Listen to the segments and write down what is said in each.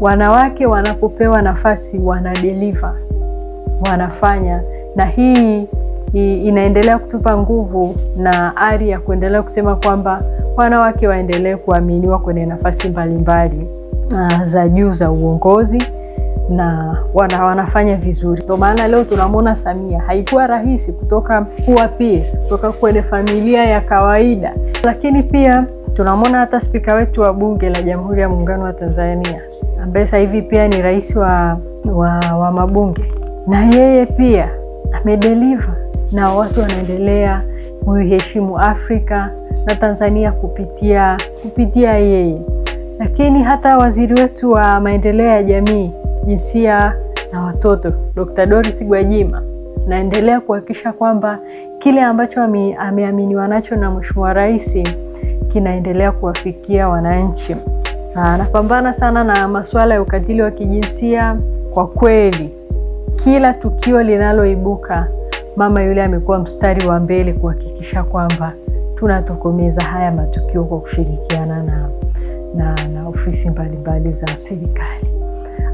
Wanawake wanapopewa nafasi wanadeliva wanafanya, na hii inaendelea kutupa nguvu na ari ya kuendelea kusema kwamba wanawake waendelee kuaminiwa kwenye nafasi mbalimbali mbali, ah, za juu za uongozi na wana, wanafanya vizuri. Ndo maana leo tunamwona Samia. Haikuwa rahisi kutoka kuwa PS, kutoka kwenye familia ya kawaida, lakini pia tunamwona hata spika wetu wa Bunge la Jamhuri ya Muungano wa Tanzania ambaye sasa hivi pia ni rais wa, wa, wa mabunge, na yeye pia amedeliva na watu wanaendelea kuiheshimu Afrika na Tanzania kupitia, kupitia yeye. Lakini hata waziri wetu wa maendeleo ya jamii, jinsia na watoto, Dr. Dorothy Gwajima naendelea kuhakikisha kwamba kile ambacho ameaminiwa nacho na Mheshimiwa Rais kinaendelea kuwafikia wananchi. Anapambana ah, sana na masuala ya ukatili wa kijinsia. Kwa kweli, kila tukio linaloibuka, mama yule amekuwa mstari wa mbele kuhakikisha kwamba tunatokomeza haya matukio kwa kushirikiana na, na, na ofisi mbalimbali za serikali.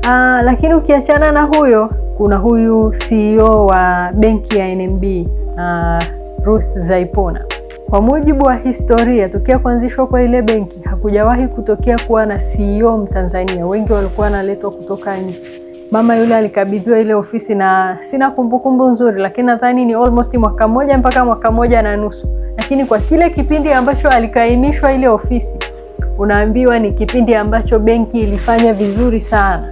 Aa, ah, lakini ukiachana na huyo kuna huyu CEO wa benki ya NMB, uh, ah, Ruth Zaipona kwa mujibu wa historia, tokea kuanzishwa kwa ile benki hakujawahi kutokea kuwa na CEO Mtanzania. Wengi walikuwa wanaletwa kutoka nje. Mama yule alikabidhiwa ile ofisi na sina kumbukumbu nzuri, lakini nadhani ni almost mwaka mmoja mpaka mwaka mmoja na nusu, lakini kwa kile kipindi ambacho alikaimishwa ile ofisi, unaambiwa ni kipindi ambacho benki ilifanya vizuri sana,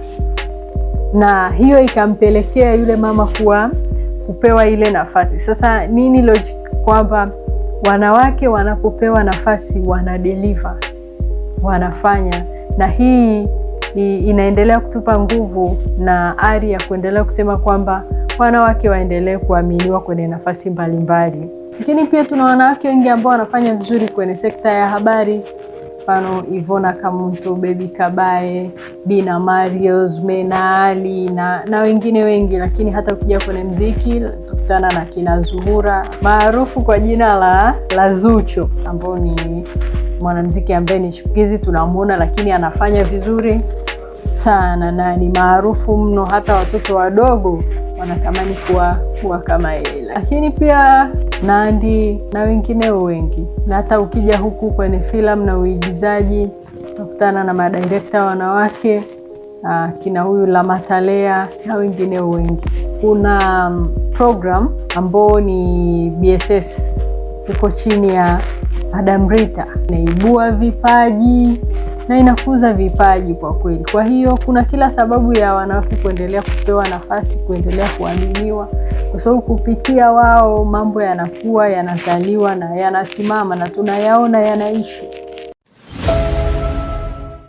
na hiyo ikampelekea yule mama kuwa kupewa ile nafasi. Sasa nini logic kwamba wanawake wanapopewa nafasi wanadeliva, wanafanya, na hii inaendelea kutupa nguvu na ari ya kuendelea kusema kwamba wanawake waendelee kuaminiwa kwenye nafasi mbalimbali. Lakini pia tuna wanawake wengi ambao wanafanya vizuri kwenye sekta ya habari mfano Ivona Kamuntu, Baby Kabae, Dina Marios, Mena na, na wengine wengi, lakini hata ukija kwenye mziki tukutana na kina Zuhura maarufu kwa jina la, la Zuchu ambao ni mwanamziki ambaye ni chipukizi tunamwona, lakini anafanya vizuri sana na ni maarufu mno, hata watoto wadogo wanatamani kuwa kuwa kama yeye, lakini pia Nandi na wengineo wengi, na hata ukija huku kwenye filamu na uigizaji utakutana na madirekta wanawake na ah, kina huyu Lamatalea na wengineo wengi. Kuna mm, program ambao ni BSS huko chini ya Adam Rita, naibua vipaji na inakuza vipaji kwa kweli. Kwa hiyo kuna kila sababu ya wanawake kuendelea kupewa nafasi, kuendelea kuaminiwa, kwa sababu kupitia wao mambo yanakuwa yanazaliwa na yanasimama na tunayaona yanaishi.